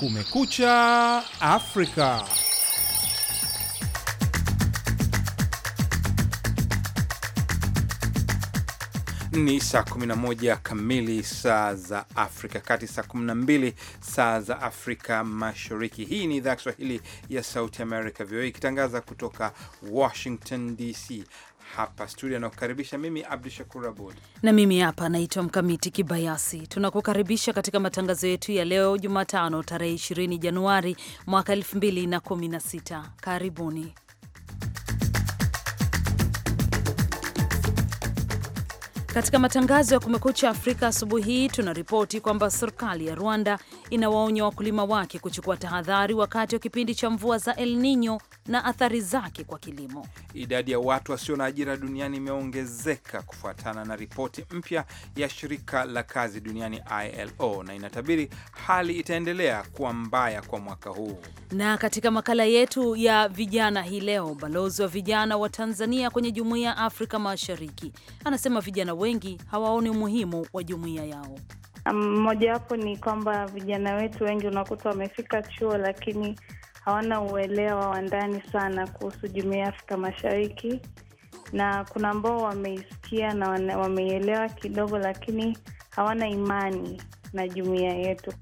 Kumekucha Afrika. Ni saa 11 kamili saa za Afrika Kati, saa 12 saa za Afrika Mashariki. Hii ni idhaa ya Kiswahili ya Sauti Amerika, VOA, ikitangaza kutoka Washington DC hapa studio anakukaribisha mimi Abdu Shakur Abud na mimi hapa naitwa Mkamiti Kibayasi. Tunakukaribisha katika matangazo yetu ya leo Jumatano tarehe 20 Januari mwaka 2016. Karibuni. Katika matangazo ya Kumekucha Afrika asubuhi hii tunaripoti kwamba serikali ya Rwanda inawaonya wakulima wake kuchukua tahadhari wakati wa kipindi cha mvua za El Nino na athari zake kwa kilimo. Idadi ya watu wasio na ajira duniani imeongezeka kufuatana na ripoti mpya ya shirika la kazi duniani ILO, na inatabiri hali itaendelea kuwa mbaya kwa mwaka huu. Na katika makala yetu ya vijana hii leo, balozi wa vijana wa Tanzania kwenye Jumuiya ya Afrika Mashariki anasema vijana wengi hawaoni umuhimu wa jumuiya yao. Mmojawapo um, ni kwamba vijana wetu wengi unakuta wamefika chuo lakini hawana uelewa wa ndani sana kuhusu jumuiya ya Afrika Mashariki, na kuna ambao wameisikia na wameielewa kidogo, lakini hawana imani na jumuiya yetu.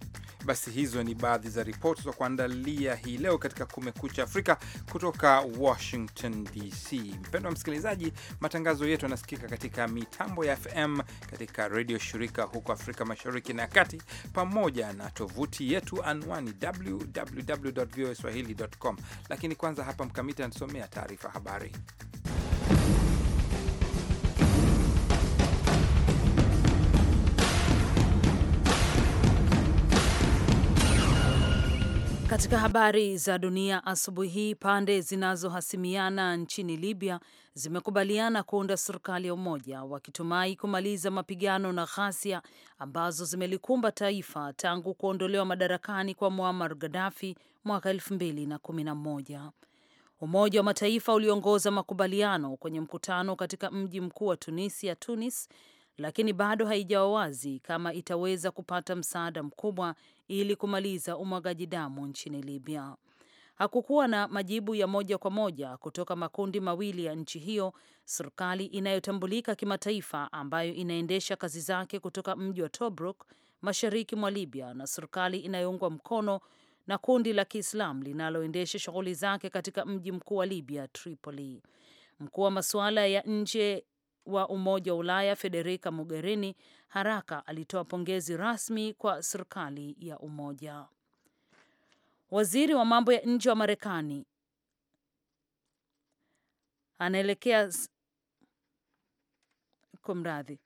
Basi hizo ni baadhi za ripoti za kuandalia hii leo katika Kumekucha Afrika kutoka Washington DC. Mpendwa msikilizaji, matangazo yetu yanasikika katika mitambo ya FM katika redio shirika huko Afrika Mashariki na Kati, pamoja na tovuti yetu anwani www.voaswahili.com. Lakini kwanza hapa Mkamiti anasomea taarifa habari. Katika habari za dunia asubuhi hii, pande zinazohasimiana nchini Libya zimekubaliana kuunda serikali ya umoja wakitumai kumaliza mapigano na ghasia ambazo zimelikumba taifa tangu kuondolewa madarakani kwa Muammar Gaddafi mwaka elfu mbili na kumi na moja. Umoja wa Mataifa uliongoza makubaliano kwenye mkutano katika mji mkuu wa Tunisia, Tunis, lakini bado haijawa wazi kama itaweza kupata msaada mkubwa ili kumaliza umwagaji damu nchini Libya. Hakukuwa na majibu ya moja kwa moja kutoka makundi mawili ya nchi hiyo, serikali inayotambulika kimataifa ambayo inaendesha kazi zake kutoka mji wa Tobruk mashariki mwa Libya na serikali inayoungwa mkono na kundi la Kiislamu linaloendesha shughuli zake katika mji mkuu wa Libya, Tripoli. Mkuu wa masuala ya nje wa Umoja wa Ulaya Federica Mogherini haraka alitoa pongezi rasmi kwa serikali ya umoja. Waziri wa mambo ya nje wa Marekani anaelekea kumradhi.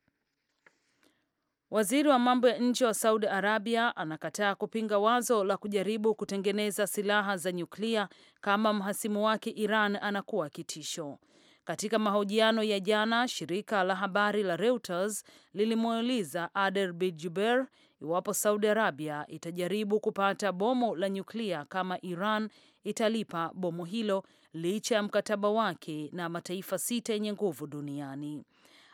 Waziri wa mambo ya nje wa Saudi Arabia anakataa kupinga wazo la kujaribu kutengeneza silaha za nyuklia kama mhasimu wake Iran anakuwa kitisho. Katika mahojiano ya jana, shirika la habari la Reuters lilimuuliza bi juber iwapo Saudi Arabia itajaribu kupata bomu la nyuklia kama Iran italipa bomu hilo licha ya mkataba wake na mataifa sita yenye nguvu duniani.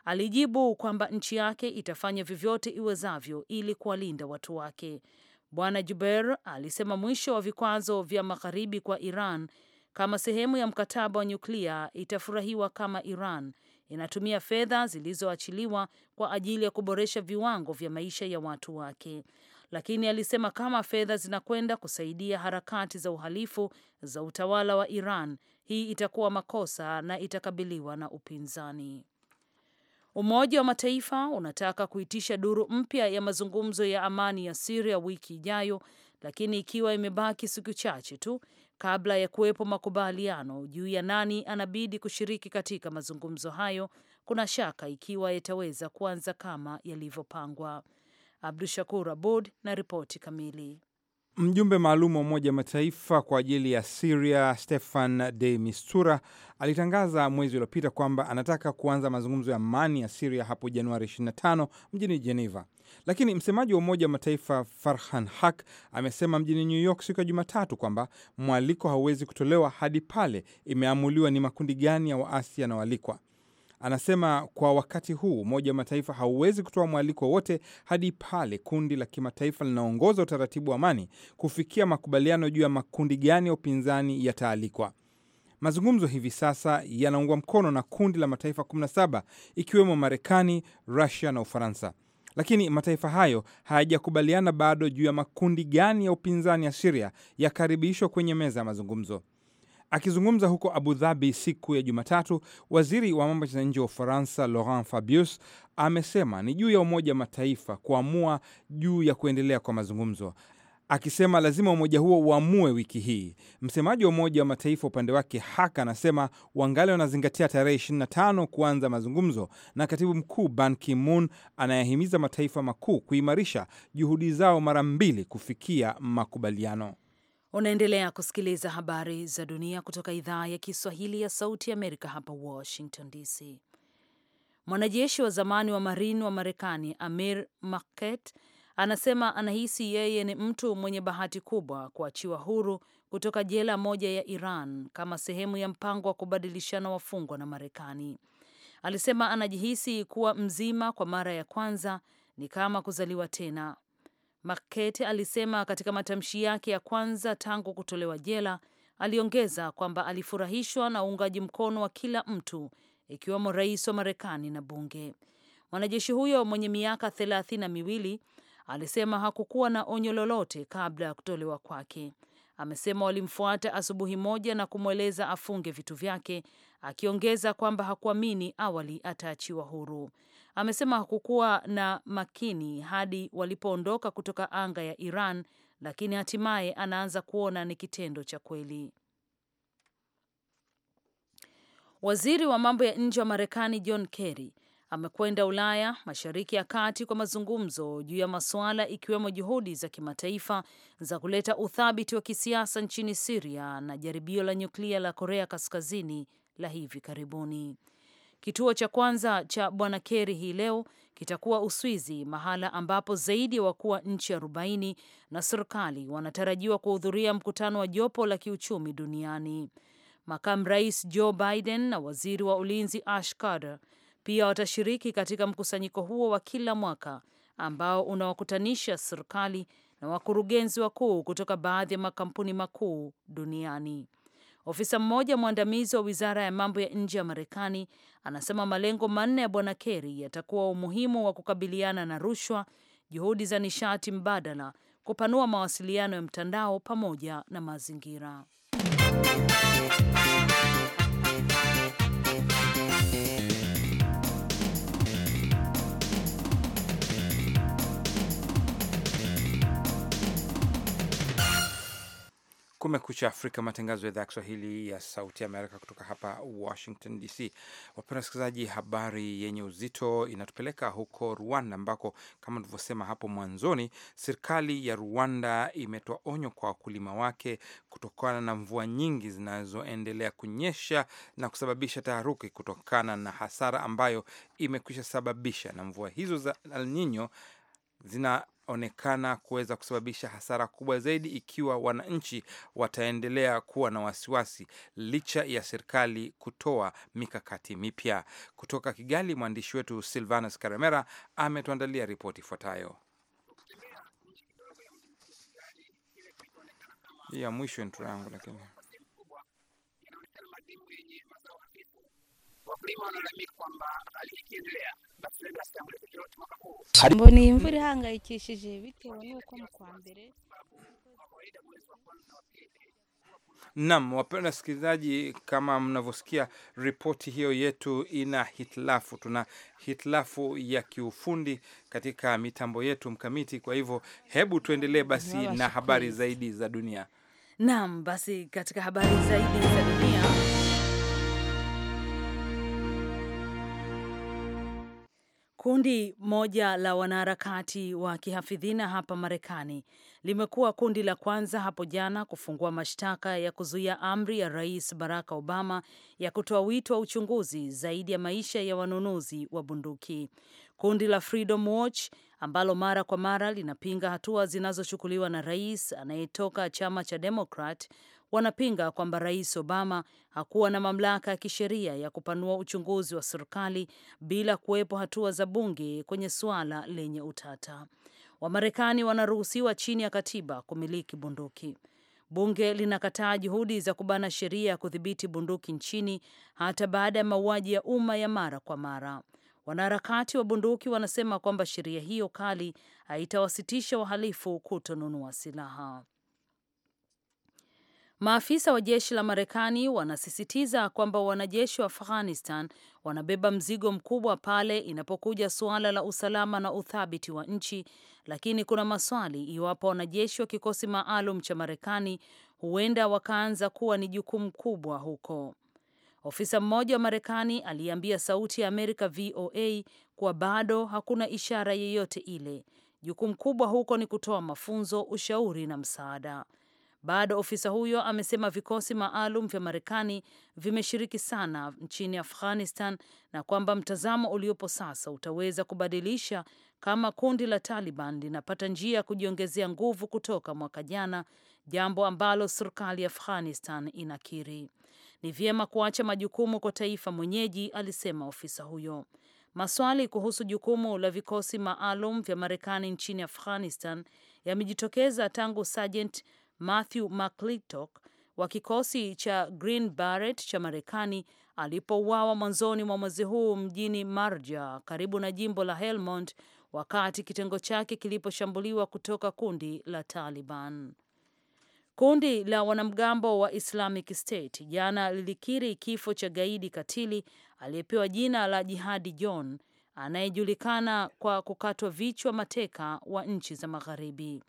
Alijibu kwamba nchi yake itafanya vyovyote iwezavyo ili kuwalinda watu wake. Bwana Juber alisema mwisho wa vikwazo vya magharibi kwa Iran kama sehemu ya mkataba wa nyuklia itafurahiwa kama Iran inatumia fedha zilizoachiliwa kwa ajili ya kuboresha viwango vya maisha ya watu wake. Lakini alisema kama fedha zinakwenda kusaidia harakati za uhalifu za utawala wa Iran, hii itakuwa makosa na itakabiliwa na upinzani. Umoja wa Mataifa unataka kuitisha duru mpya ya mazungumzo ya amani ya Siria wiki ijayo, lakini ikiwa imebaki siku chache tu kabla ya kuwepo makubaliano juu ya nani anabidi kushiriki katika mazungumzo hayo. Kuna shaka ikiwa yataweza kuanza kama yalivyopangwa. Abdu Shakur Abud na ripoti kamili. Mjumbe maalum wa Umoja wa Mataifa kwa ajili ya Siria Stefan de Mistura alitangaza mwezi uliopita kwamba anataka kuanza mazungumzo ya amani ya Siria hapo Januari 25 mjini Jeneva, lakini msemaji wa Umoja wa Mataifa Farhan Haq amesema mjini New York siku ya Jumatatu kwamba mwaliko hauwezi kutolewa hadi pale imeamuliwa ni makundi gani ya waasi yanaoalikwa. Anasema kwa wakati huu Umoja wa Mataifa hauwezi kutoa mwaliko wowote hadi pale kundi la kimataifa linaongoza utaratibu wa amani kufikia makubaliano juu ya makundi gani ya upinzani yataalikwa. Mazungumzo hivi sasa yanaungwa mkono na kundi la mataifa 17 ikiwemo Marekani, Rusia na Ufaransa, lakini mataifa hayo hayajakubaliana bado juu ya makundi gani ya upinzani ya Siria yakaribishwa kwenye meza ya mazungumzo. Akizungumza huko Abu Dhabi siku ya Jumatatu, waziri wa mambo ya nje wa Ufaransa Laurent Fabius amesema ni juu ya Umoja wa Mataifa kuamua juu ya kuendelea kwa mazungumzo, akisema lazima umoja huo uamue wiki hii. Msemaji wa Umoja wa Mataifa upande wake Haka anasema wangali wanazingatia tarehe 25 kuanza mazungumzo, na katibu mkuu Ban Ki-moon anayehimiza mataifa makuu kuimarisha juhudi zao mara mbili kufikia makubaliano. Unaendelea kusikiliza habari za dunia kutoka idhaa ya Kiswahili ya Sauti ya Amerika hapa Washington DC. Mwanajeshi wa zamani wa marin wa Marekani Amir maket anasema anahisi yeye ni mtu mwenye bahati kubwa kuachiwa huru kutoka jela moja ya Iran kama sehemu ya mpango wa kubadilishana wafungwa na Marekani. Alisema anajihisi kuwa mzima kwa mara ya kwanza, ni kama kuzaliwa tena. Market alisema katika matamshi yake ya kwanza tangu kutolewa jela. Aliongeza kwamba alifurahishwa na uungaji mkono wa kila mtu ikiwemo rais wa Marekani na bunge. Mwanajeshi huyo mwenye miaka thelathini na miwili alisema hakukuwa na onyo lolote kabla ya kutolewa kwake. Amesema walimfuata asubuhi moja na kumweleza afunge vitu vyake, akiongeza kwamba hakuamini awali ataachiwa huru amesema hakukuwa na makini hadi walipoondoka kutoka anga ya Iran, lakini hatimaye anaanza kuona ni kitendo cha kweli. Waziri wa mambo ya nje wa Marekani John Kerry amekwenda Ulaya, Mashariki ya Kati kwa mazungumzo juu ya masuala ikiwemo juhudi za kimataifa za kuleta uthabiti wa kisiasa nchini Siria na jaribio la nyuklia la Korea Kaskazini la hivi karibuni. Kituo cha kwanza cha Bwana Kerry hii leo kitakuwa Uswizi, mahala ambapo zaidi ya wakuu wa nchi 40 na serikali wanatarajiwa kuhudhuria mkutano wa jopo la kiuchumi duniani. Makamu Rais Joe Biden na waziri wa ulinzi Ash Carter pia watashiriki katika mkusanyiko huo wa kila mwaka ambao unawakutanisha serikali na wakurugenzi wakuu kutoka baadhi ya makampuni makuu duniani. Ofisa mmoja mwandamizi wa wizara ya mambo ya nje ya Marekani anasema malengo manne ya Bwana Kerry yatakuwa umuhimu wa kukabiliana na rushwa, juhudi za nishati mbadala, kupanua mawasiliano ya mtandao pamoja na mazingira. Kumekucha Afrika, matangazo ya idhaa ya Kiswahili ya Sauti ya Amerika kutoka hapa Washington DC. Wapenda wasikilizaji, habari yenye uzito inatupeleka huko Rwanda, ambako kama tulivyosema hapo mwanzoni, serikali ya Rwanda imetoa onyo kwa wakulima wake kutokana na mvua nyingi zinazoendelea kunyesha na kusababisha taharuki kutokana na hasara ambayo imekwisha sababisha na mvua hizo za El Nino zina onekana kuweza kusababisha hasara kubwa zaidi ikiwa wananchi wataendelea kuwa na wasiwasi licha ya serikali kutoa mikakati mipya. Kutoka Kigali, mwandishi wetu Silvanus Karemera ametuandalia ripoti ifuatayo. ya mwisho intro yangu lakini wakulima wanalalamika kwamba hali ikiendelea ngo ni imvura ihangayikishije bitewe n'uko mu kwa mbere Naam, wapenda wasikilizaji, kama mnavyosikia ripoti hiyo yetu ina hitilafu. Tuna hitilafu ya kiufundi katika mitambo yetu mkamiti. Kwa hivyo, hebu tuendelee basi na habari zaidi za dunia. Naam, basi katika habari zaidi za dunia Kundi moja la wanaharakati wa kihafidhina hapa Marekani limekuwa kundi la kwanza hapo jana kufungua mashtaka ya kuzuia amri ya Rais Barack Obama ya kutoa wito wa uchunguzi zaidi ya maisha ya wanunuzi wa bunduki. Kundi la Freedom Watch ambalo mara kwa mara linapinga hatua zinazochukuliwa na rais anayetoka chama cha Democrat wanapinga kwamba Rais Obama hakuwa na mamlaka ya kisheria ya kupanua uchunguzi wa serikali bila kuwepo hatua za bunge kwenye suala lenye utata. Wamarekani wanaruhusiwa chini ya katiba kumiliki bunduki. Bunge linakataa juhudi za kubana sheria ya kudhibiti bunduki nchini hata baada ya mauaji ya umma ya mara kwa mara. Wanaharakati wa bunduki wanasema kwamba sheria hiyo kali haitawasitisha wahalifu kutonunua silaha. Maafisa wa jeshi la Marekani wanasisitiza kwamba wanajeshi wa Afghanistan wanabeba mzigo mkubwa pale inapokuja suala la usalama na uthabiti wa nchi, lakini kuna maswali iwapo wanajeshi wa kikosi maalum cha Marekani huenda wakaanza kuwa ni jukumu kubwa huko. Ofisa mmoja wa Marekani aliambia Sauti ya Amerika VOA kuwa bado hakuna ishara yeyote ile. Jukumu kubwa huko ni kutoa mafunzo, ushauri na msaada. Bado ofisa huyo amesema vikosi maalum vya Marekani vimeshiriki sana nchini Afghanistan na kwamba mtazamo uliopo sasa utaweza kubadilisha kama kundi la Taliban linapata njia ya kujiongezea nguvu kutoka mwaka jana, jambo ambalo serikali ya Afghanistan inakiri. Ni vyema kuacha majukumu kwa taifa mwenyeji, alisema ofisa huyo. Maswali kuhusu jukumu la vikosi maalum vya Marekani nchini Afghanistan yamejitokeza tangu Sajent Matthew McClintock wa kikosi cha Green Beret cha Marekani alipouawa mwanzoni mwa mwezi huu mjini Marja karibu na jimbo la Helmond wakati kitengo chake kiliposhambuliwa kutoka kundi la Taliban. Kundi la wanamgambo wa Islamic State jana lilikiri kifo cha gaidi katili aliyepewa jina la Jihadi John anayejulikana kwa kukatwa vichwa mateka wa nchi za Magharibi.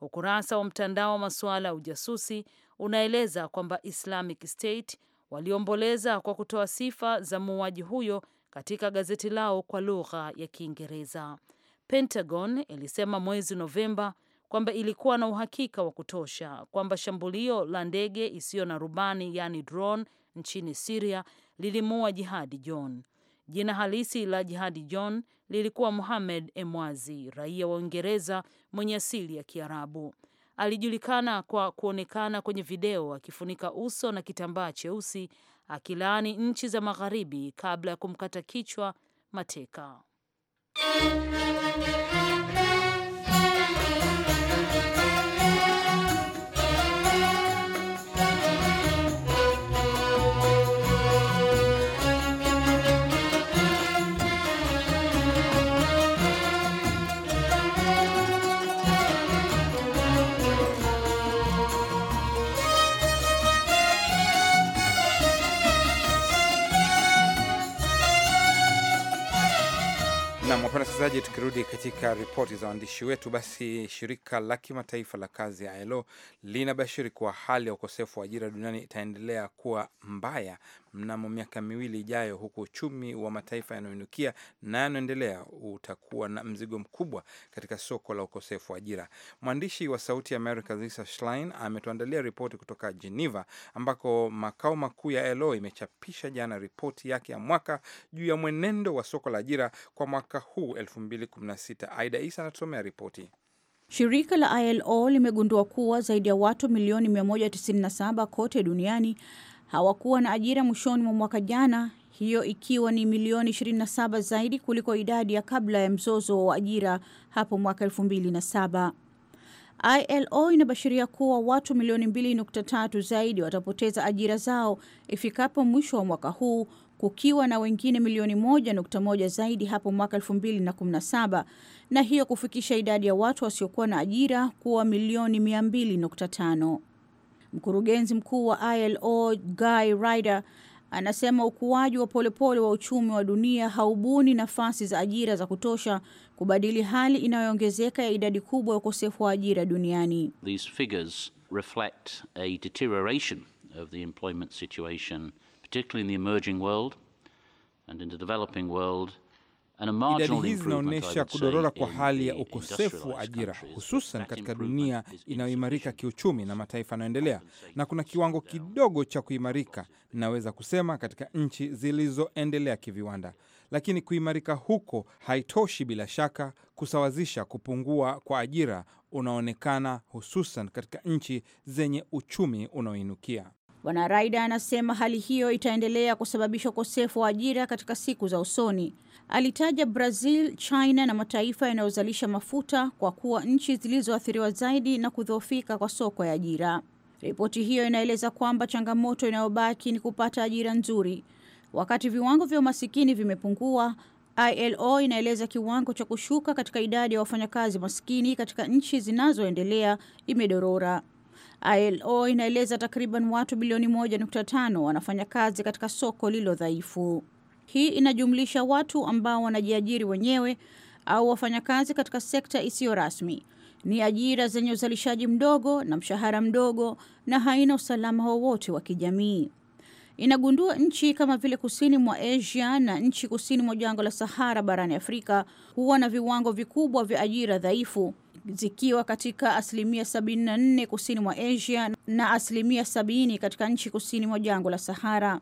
Ukurasa wa mtandao wa masuala ya ujasusi unaeleza kwamba Islamic State waliomboleza kwa kutoa sifa za muuaji huyo katika gazeti lao kwa lugha ya Kiingereza. Pentagon ilisema mwezi Novemba kwamba ilikuwa na uhakika wa kutosha kwamba shambulio la ndege isiyo na rubani yaani drone nchini Siria lilimuua Jihadi John. Jina halisi la Jihadi John lilikuwa muhamed Emwazi, raia wa Uingereza mwenye asili ya Kiarabu. Alijulikana kwa kuonekana kwenye video akifunika uso na kitambaa cheusi akilaani nchi za Magharibi kabla ya kumkata kichwa mateka. Wapenda wasikilizaji, tukirudi katika ripoti za waandishi wetu, basi shirika la kimataifa la kazi ya ILO linabashiri kuwa hali ya ukosefu wa ajira duniani itaendelea kuwa mbaya mnamo miaka miwili ijayo, huku uchumi wa mataifa yanayoinukia na yanaendelea utakuwa na mzigo mkubwa katika soko la ukosefu wa ajira. Mwandishi wa Sauti ya America Lisa Schlein ametuandalia ripoti kutoka Geneva, ambako makao makuu ya ILO imechapisha jana ripoti yake ya mwaka juu ya mwenendo wa soko la ajira kwa mwaka huu 2016. Aida Isa anatusomea ripoti. Shirika la ILO limegundua kuwa zaidi ya watu milioni 197 kote duniani hawakuwa na ajira mwishoni mwa mwaka jana, hiyo ikiwa ni milioni 27 zaidi kuliko idadi ya kabla ya mzozo wa ajira hapo mwaka 2007. ILO inabashiria kuwa watu milioni 2.3 zaidi watapoteza ajira zao ifikapo mwisho wa mwaka huu kukiwa na wengine milioni 1.1 zaidi hapo mwaka 2017 na hiyo kufikisha idadi ya watu wasiokuwa na ajira kuwa milioni 200.5. Mkurugenzi mkuu wa ILO Guy Ryder anasema ukuaji wa polepole wa uchumi wa dunia haubuni nafasi za ajira za kutosha kubadili hali inayoongezeka ya idadi kubwa ya ukosefu wa ajira duniani. These figures reflect a deterioration of the employment situation particularly in the emerging world and in the developing world Idadi hizi zinaonyesha kudorora kwa hali ya ukosefu wa ajira, hususan katika dunia inayoimarika kiuchumi na mataifa yanayoendelea, na kuna kiwango uh, kidogo cha kuimarika, naweza kusema, katika nchi zilizoendelea kiviwanda. Lakini kuimarika huko haitoshi, bila shaka, kusawazisha kupungua kwa ajira unaonekana, hususan katika nchi zenye uchumi unaoinukia. Bwana Raida anasema hali hiyo itaendelea kusababisha ukosefu wa ajira katika siku za usoni. Alitaja Brazil, China na mataifa yanayozalisha mafuta kwa kuwa nchi zilizoathiriwa zaidi na kudhoofika kwa soko ya ajira. Ripoti hiyo inaeleza kwamba changamoto inayobaki ni kupata ajira nzuri. Wakati viwango vya umasikini vimepungua, ILO inaeleza kiwango cha kushuka katika idadi ya wafanyakazi maskini katika nchi zinazoendelea imedorora. ILO inaeleza takriban watu bilioni 1.5 wanafanya kazi katika soko lilo dhaifu. Hii inajumlisha watu ambao wanajiajiri wenyewe au wafanyakazi katika sekta isiyo rasmi. Ni ajira zenye uzalishaji mdogo na mshahara mdogo na haina usalama wowote wa kijamii. Inagundua nchi kama vile kusini mwa Asia na nchi kusini mwa jangwa la Sahara barani Afrika huwa na viwango vikubwa vya ajira dhaifu zikiwa katika asilimia 74 kusini mwa Asia na asilimia 70 katika nchi kusini mwa jangwa la Sahara.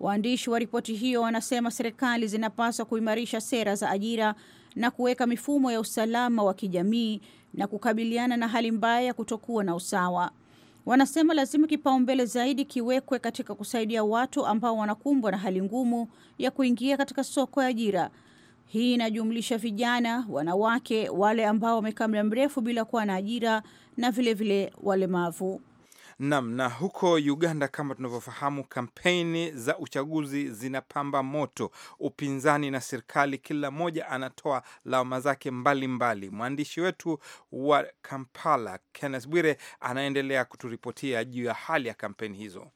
Waandishi wa ripoti hiyo wanasema serikali zinapaswa kuimarisha sera za ajira na kuweka mifumo ya usalama wa kijamii na kukabiliana na hali mbaya ya kutokuwa na usawa. Wanasema lazima kipaumbele zaidi kiwekwe katika kusaidia watu ambao wanakumbwa na hali ngumu ya kuingia katika soko ya ajira hii inajumlisha vijana, wanawake, wale ambao wamekaa muda mrefu bila kuwa na ajira na vilevile walemavu. Nam na huko Uganda, kama tunavyofahamu, kampeni za uchaguzi zinapamba moto, upinzani na serikali, kila mmoja anatoa lawama zake mbalimbali. Mwandishi wetu wa Kampala, Kenneth Bwire, anaendelea kuturipotia juu ya hali ya kampeni hizo.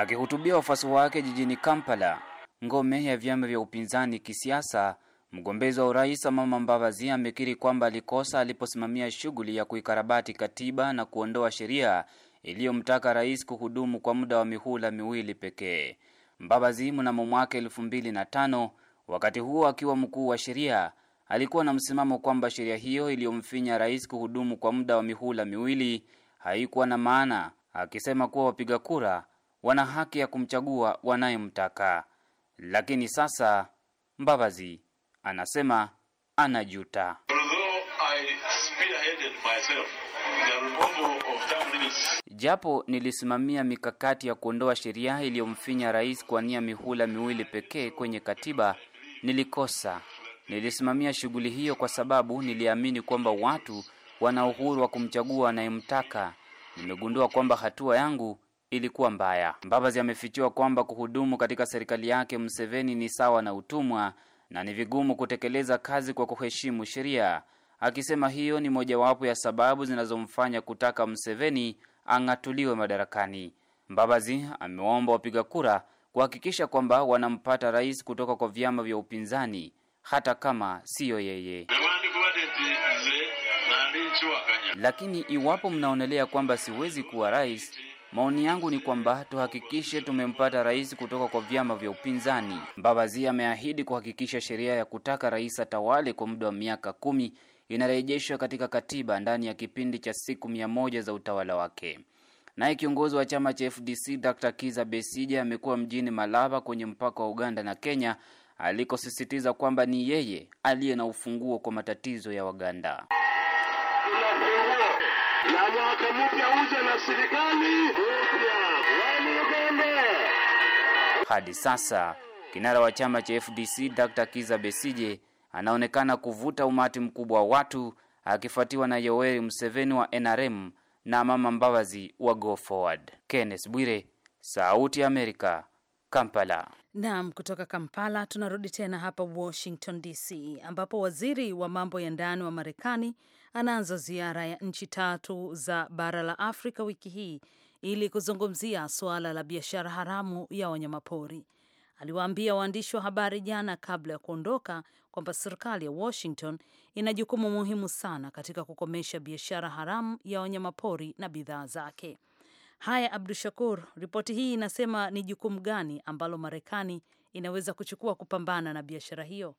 Akihutubia wafuasi wake jijini Kampala, ngome ya vyama vya upinzani kisiasa, mgombezi wa urais Amama Mbabazi amekiri kwamba alikosa aliposimamia shughuli ya kuikarabati katiba na kuondoa sheria iliyomtaka rais kuhudumu kwa muda wa mihula miwili pekee. Mbabazi mnamo mwaka elfu mbili na tano, wakati huo akiwa mkuu wa sheria, alikuwa na msimamo kwamba sheria hiyo iliyomfinya rais kuhudumu kwa muda wa mihula miwili haikuwa na maana, akisema kuwa wapiga kura wana haki ya kumchagua wanayemtaka. Lakini sasa Mbabazi anasema anajuta. Japo nilisimamia mikakati ya kuondoa sheria iliyomfinya rais kwa nia mihula miwili pekee kwenye katiba, nilikosa. Nilisimamia shughuli hiyo kwa sababu niliamini kwamba watu wana uhuru wa kumchagua anayemtaka. Nimegundua kwamba hatua yangu ilikuwa mbaya. Mbabazi amefichua kwamba kuhudumu katika serikali yake Museveni ni sawa na utumwa na ni vigumu kutekeleza kazi kwa kuheshimu sheria, akisema hiyo ni mojawapo ya sababu zinazomfanya kutaka Museveni ang'atuliwe madarakani. Mbabazi ameomba wapiga kura kuhakikisha kwamba wanampata rais kutoka kwa vyama vya upinzani hata kama siyo yeye. Lakini iwapo mnaonelea kwamba siwezi kuwa rais, Maoni yangu ni kwamba tuhakikishe tumempata rais kutoka kwa vyama vya upinzani. Mbabazi ameahidi kuhakikisha sheria ya kutaka rais atawale kwa muda wa miaka kumi inarejeshwa katika katiba ndani ya kipindi cha siku mia moja za utawala wake. Naye kiongozi wa chama cha FDC Dr. Kiza Besije amekuwa mjini Malaba kwenye mpaka wa Uganda na Kenya alikosisitiza kwamba ni yeye aliye na ufunguo kwa matatizo ya Waganda mwaka mpya uje na serikali Hadi sasa kinara wa chama cha FDC Dr. Kiza Besije anaonekana kuvuta umati mkubwa wa watu akifuatiwa na Yoweri Museveni wa NRM na Mama Mbabazi wa Go Forward. Kenneth Bwire, Sauti ya Amerika, Kampala. Naam, kutoka Kampala tunarudi tena hapa Washington DC ambapo waziri wa mambo ya ndani wa Marekani anaanza ziara ya nchi tatu za bara la Afrika wiki hii ili kuzungumzia suala la biashara haramu ya wanyamapori. Aliwaambia waandishi wa habari jana kabla ya kuondoka kwamba serikali ya Washington ina jukumu muhimu sana katika kukomesha biashara haramu ya wanyamapori na bidhaa zake. Haya, Abdu Shakur, ripoti hii inasema ni jukumu gani ambalo Marekani inaweza kuchukua kupambana na biashara hiyo?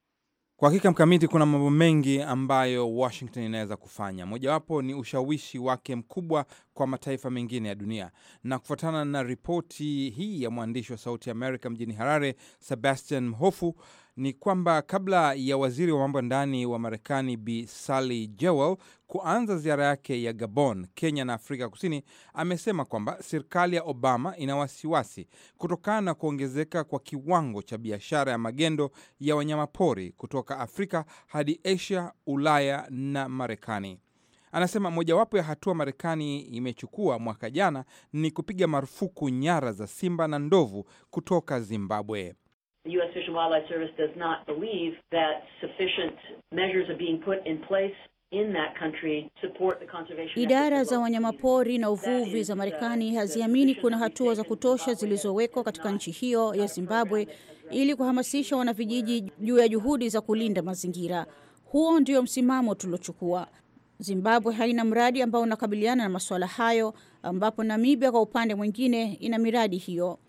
Kwa hakika mkamiti, kuna mambo mengi ambayo Washington inaweza kufanya. Mojawapo ni ushawishi wake mkubwa kwa mataifa mengine ya dunia, na kufuatana na ripoti hii ya mwandishi wa Sauti ya Amerika mjini Harare, Sebastian Mhofu, ni kwamba kabla ya waziri wa mambo ya ndani wa Marekani Bi Sally Jewell kuanza ziara yake ya Gabon, Kenya na Afrika Kusini, amesema kwamba serikali ya Obama ina wasiwasi kutokana na kuongezeka kwa kiwango cha biashara ya magendo ya wanyamapori kutoka Afrika hadi Asia, Ulaya na Marekani. Anasema mojawapo ya hatua Marekani imechukua mwaka jana ni kupiga marufuku nyara za simba na ndovu kutoka Zimbabwe the U.S. Fish and Wildlife Service does not believe that sufficient measures are being put in place In that country, support the conservation. Idara za wanyamapori na uvuvi za uh, Marekani haziamini kuna hatua za kutosha zilizowekwa katika nchi hiyo ya Zimbabwe ili kuhamasisha wanavijiji juu ya juhudi za kulinda mazingira. Huo ndio msimamo tuliochukua. Zimbabwe haina mradi ambao unakabiliana na masuala hayo, ambapo Namibia kwa upande mwingine ina miradi hiyo.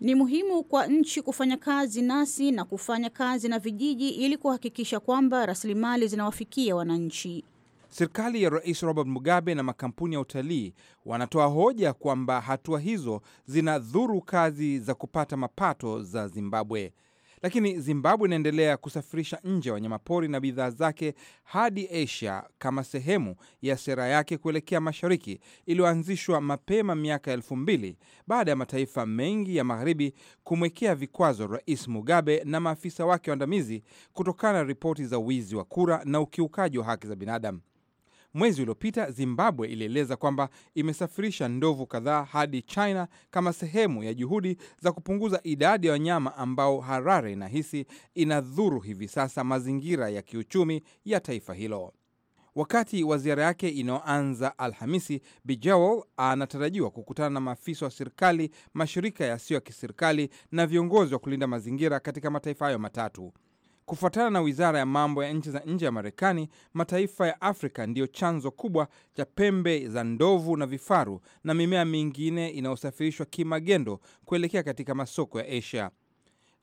Ni muhimu kwa nchi kufanya kazi nasi na kufanya kazi na vijiji ili kuhakikisha kwamba rasilimali zinawafikia wananchi. Serikali ya Rais Robert Mugabe na makampuni ya utalii wanatoa hoja kwamba hatua hizo zinadhuru kazi za kupata mapato za Zimbabwe. Lakini Zimbabwe inaendelea kusafirisha nje wanyamapori na bidhaa zake hadi Asia kama sehemu ya sera yake kuelekea mashariki iliyoanzishwa mapema miaka elfu mbili baada ya mataifa mengi ya magharibi kumwekea vikwazo Rais Mugabe na maafisa wake waandamizi kutokana na ripoti za wizi wa kura na ukiukaji wa haki za binadamu. Mwezi uliopita Zimbabwe ilieleza kwamba imesafirisha ndovu kadhaa hadi China kama sehemu ya juhudi za kupunguza idadi ya wanyama ambao Harare inahisi inadhuru hivi sasa mazingira ya kiuchumi ya taifa hilo. Wakati wa ziara yake inayoanza Alhamisi, Bijao anatarajiwa kukutana na maafisa wa serikali, mashirika yasiyo ya kiserikali na viongozi wa kulinda mazingira katika mataifa hayo matatu. Kufuatana na wizara ya mambo ya nchi za nje ya Marekani, mataifa ya Afrika ndiyo chanzo kubwa cha pembe za ndovu na vifaru na mimea mingine inayosafirishwa kimagendo kuelekea katika masoko ya Asia.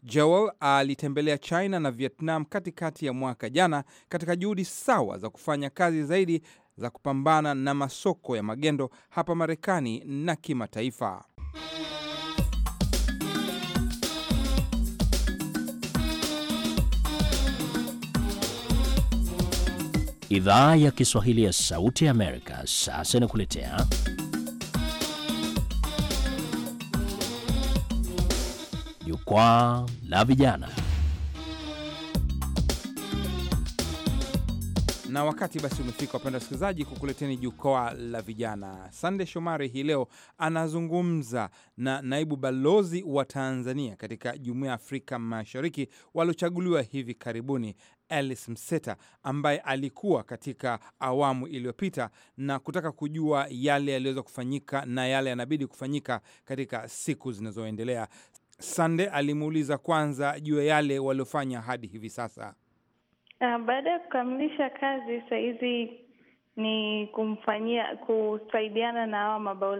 Joel alitembelea China na Vietnam katikati ya mwaka jana katika juhudi sawa za kufanya kazi zaidi za kupambana na masoko ya magendo hapa Marekani na kimataifa. Idhaa ya Kiswahili ya Sauti ya Amerika sasa inakuletea Jukwaa la Vijana. na wakati basi umefika, wapenda wasikilizaji, kukuleteni jukwaa la vijana. Sande Shomari hii leo anazungumza na naibu balozi wa Tanzania katika Jumuiya ya Afrika Mashariki waliochaguliwa hivi karibuni, Alice Mseta ambaye alikuwa katika awamu iliyopita na kutaka kujua yale yaliyoweza kufanyika na yale yanabidi kufanyika katika siku zinazoendelea. Sande alimuuliza kwanza juu ya yale waliofanya hadi hivi sasa. Ah, baada ya kukamilisha kazi, sahizi ni kumfanyia kusaidiana na hawa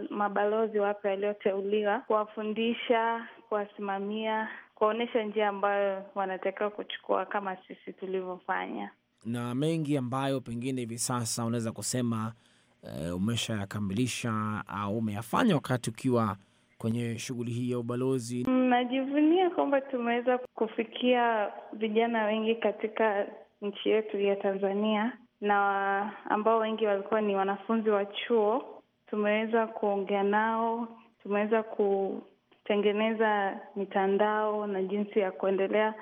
mabalozi wapya walioteuliwa, kuwafundisha, kuwasimamia kuonyesha njia ambayo wanatakiwa kuchukua kama sisi tulivyofanya, na mengi ambayo pengine hivi sasa unaweza kusema e, umeshayakamilisha au umeyafanya wakati ukiwa kwenye shughuli hii ya ubalozi. Najivunia kwamba tumeweza kufikia vijana wengi katika nchi yetu ya Tanzania na ambao wengi walikuwa ni wanafunzi wa chuo. Tumeweza kuongea nao, tumeweza ku kutengeneza mitandao na jinsi ya kuendelea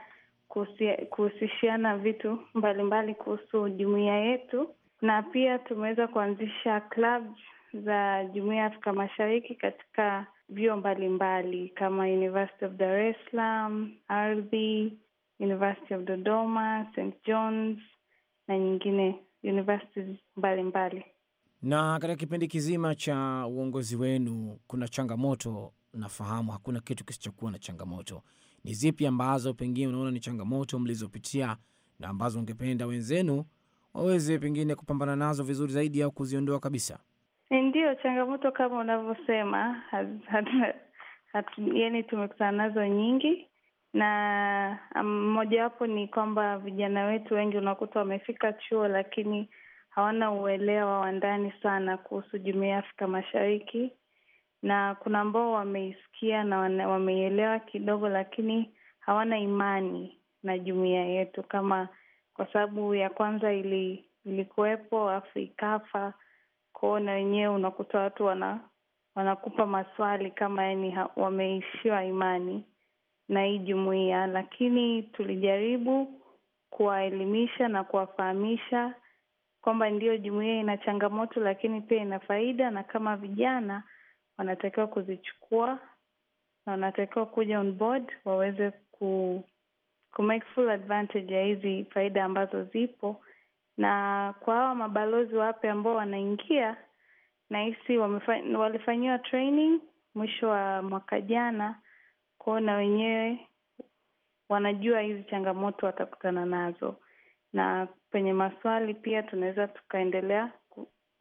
kuhusishiana vitu mbalimbali kuhusu jumuiya yetu, na pia tumeweza kuanzisha club za jumuiya ya Afrika Mashariki katika vyuo mbalimbali kama University of Dar es Salaam, Ardhi, University of Dodoma, St John's na nyingine universities mbalimbali. Na katika kipindi kizima cha uongozi wenu kuna changamoto nafahamu hakuna kitu kisichokuwa na changamoto. Ni zipi ambazo pengine unaona ni changamoto mlizopitia na ambazo ungependa wenzenu waweze pengine kupambana nazo vizuri zaidi au kuziondoa kabisa? Ndiyo, changamoto kama unavyosema, yani tumekutana nazo nyingi, na mmojawapo ni kwamba vijana wetu wengi unakuta wamefika chuo lakini hawana uelewa wa ndani sana kuhusu jumuiya ya Afrika Mashariki na kuna ambao wameisikia na wameielewa kidogo, lakini hawana imani na jumuiya yetu kama, kwa sababu ya kwanza ili, ilikuwepo afu ikafa kwao, na wenyewe unakuta watu wana wanakupa maswali kama yani wameishiwa imani na hii jumuiya, lakini tulijaribu kuwaelimisha na kuwafahamisha kwamba ndiyo jumuiya ina changamoto, lakini pia ina faida, na kama vijana wanatakiwa kuzichukua na wanatakiwa kuja on board waweze ku, ku make full advantage ya hizi faida ambazo zipo, na kwa hawa mabalozi wape ambao wanaingia nahisi walifanyiwa training mwisho wa mwaka jana kwao, na wenyewe wanajua hizi changamoto watakutana nazo, na penye maswali pia tunaweza tukaendelea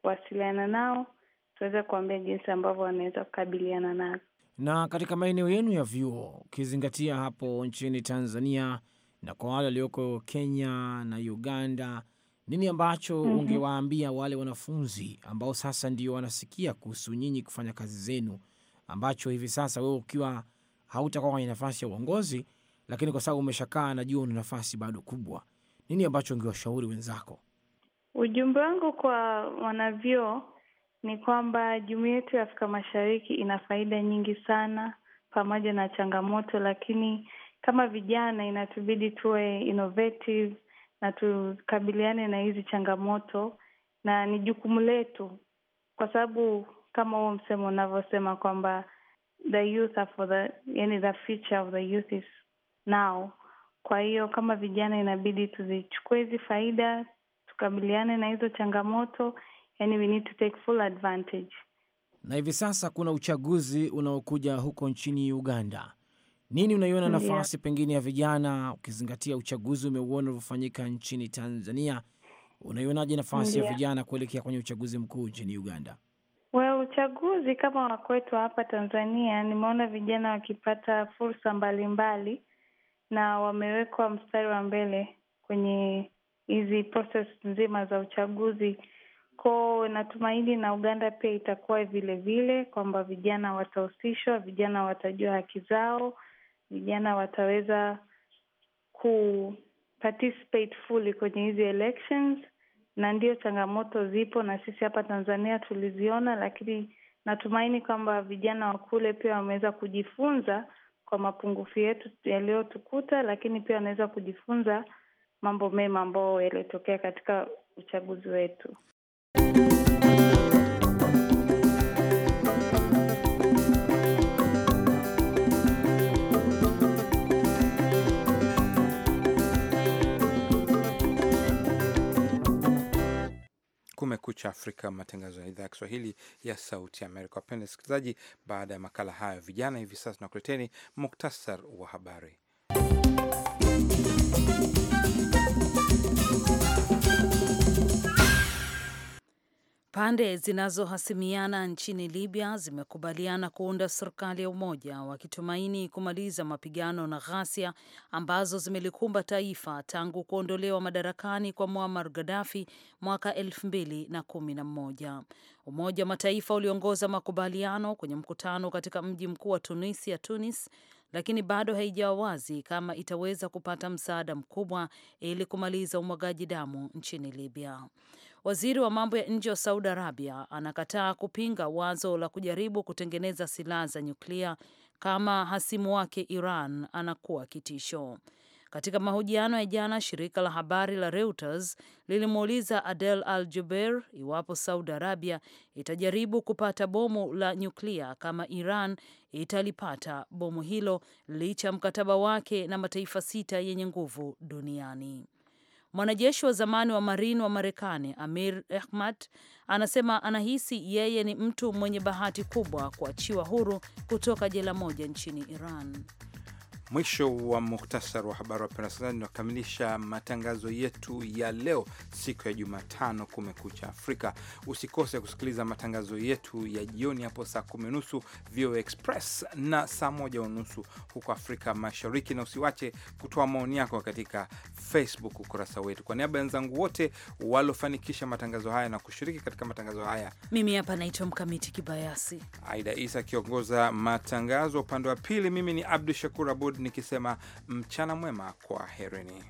kuwasiliana nao tuweze kuambia jinsi ambavyo wanaweza kukabiliana nazo. Na katika maeneo yenu ya vyuo, ukizingatia hapo nchini Tanzania na kwa wale walioko Kenya na Uganda, nini ambacho mm -hmm. ungewaambia wale wanafunzi ambao sasa ndio wanasikia kuhusu nyinyi kufanya kazi zenu, ambacho hivi sasa wewe ukiwa hautakuwa kwenye nafasi ya uongozi, lakini kwa sababu umeshakaa, najua una nafasi bado kubwa, nini ambacho ungewashauri wenzako? Ujumbe wangu kwa wanavyuo ni kwamba jumuia yetu ya Afrika Mashariki ina faida nyingi sana pamoja na changamoto, lakini kama vijana inatubidi tuwe innovative na tukabiliane na hizi changamoto, na ni jukumu letu, kwa sababu kama huo msemo unavyosema kwamba the youth are for the, yani the future of the youth is now. Kwa hiyo kama vijana inabidi tuzichukue hizi faida, tukabiliane na hizo changamoto yani we need to take full advantage. Na hivi sasa kuna uchaguzi unaokuja huko nchini Uganda. Nini unaiona nafasi yeah, pengine ya vijana ukizingatia uchaguzi umeuona ulivyofanyika nchini Tanzania? Unaionaje nafasi yeah, ya vijana kuelekea kwenye uchaguzi mkuu nchini Uganda? Well, uchaguzi kama wa kwetu hapa Tanzania, nimeona vijana wakipata fursa mbalimbali mbali, na wamewekwa mstari wa mbele kwenye hizi process nzima za uchaguzi ko natumaini na Uganda pia itakuwa vile vile kwamba vijana watahusishwa, vijana watajua haki zao, vijana wataweza ku participate fully kwenye hizi elections, na ndio changamoto zipo, na sisi hapa Tanzania tuliziona, lakini natumaini kwamba vijana wa kule pia wameweza kujifunza kwa mapungufu yetu yaliyotukuta, lakini pia wanaweza kujifunza mambo mema ambayo yaliyotokea katika uchaguzi wetu. Kumekucha Afrika, matangazo ya idhaa ya Kiswahili ya Sauti ya Amerika. Wapenda sikilizaji, baada ya makala hayo vijana, hivi sasa nakuleteni muktasar wa habari Pande zinazohasimiana nchini Libya zimekubaliana kuunda serikali ya umoja wakitumaini kumaliza mapigano na ghasia ambazo zimelikumba taifa tangu kuondolewa madarakani kwa Muammar Gaddafi mwaka elfu mbili na kumi na mmoja. Umoja wa Mataifa uliongoza makubaliano kwenye mkutano katika mji mkuu wa Tunisia, Tunis, lakini bado haijawa wazi kama itaweza kupata msaada mkubwa ili kumaliza umwagaji damu nchini Libya. Waziri wa mambo ya nje wa Saudi Arabia anakataa kupinga wazo la kujaribu kutengeneza silaha za nyuklia kama hasimu wake Iran anakuwa kitisho. Katika mahojiano ya jana, shirika la habari la Reuters lilimuuliza Adel Al Jubeir iwapo Saudi Arabia itajaribu kupata bomu la nyuklia kama Iran italipata bomu hilo licha ya mkataba wake na mataifa sita yenye nguvu duniani. Mwanajeshi wa zamani wa Marine wa Marekani Amir Ehmat anasema anahisi yeye ni mtu mwenye bahati kubwa kuachiwa huru kutoka jela moja nchini Iran. Mwisho wa muhtasari wa habari. Wapenda wasikilizaji, nakamilisha matangazo yetu ya leo, siku ya Jumatano, Kumekucha Afrika. Usikose kusikiliza matangazo yetu ya jioni hapo saa kumi unusu VOA Express na saa moja unusu huko Afrika Mashariki, na usiwache kutoa maoni yako katika Facebook ukurasa wetu. Kwa niaba ya wenzangu wote waliofanikisha matangazo haya na kushiriki katika matangazo haya, mimi hapa naitwa Mkamiti Kibayasi, Aida Isa akiongoza matangazo upande wa pili, mimi ni Abdu Shakur Abud nikisema mchana mwema, kwa herini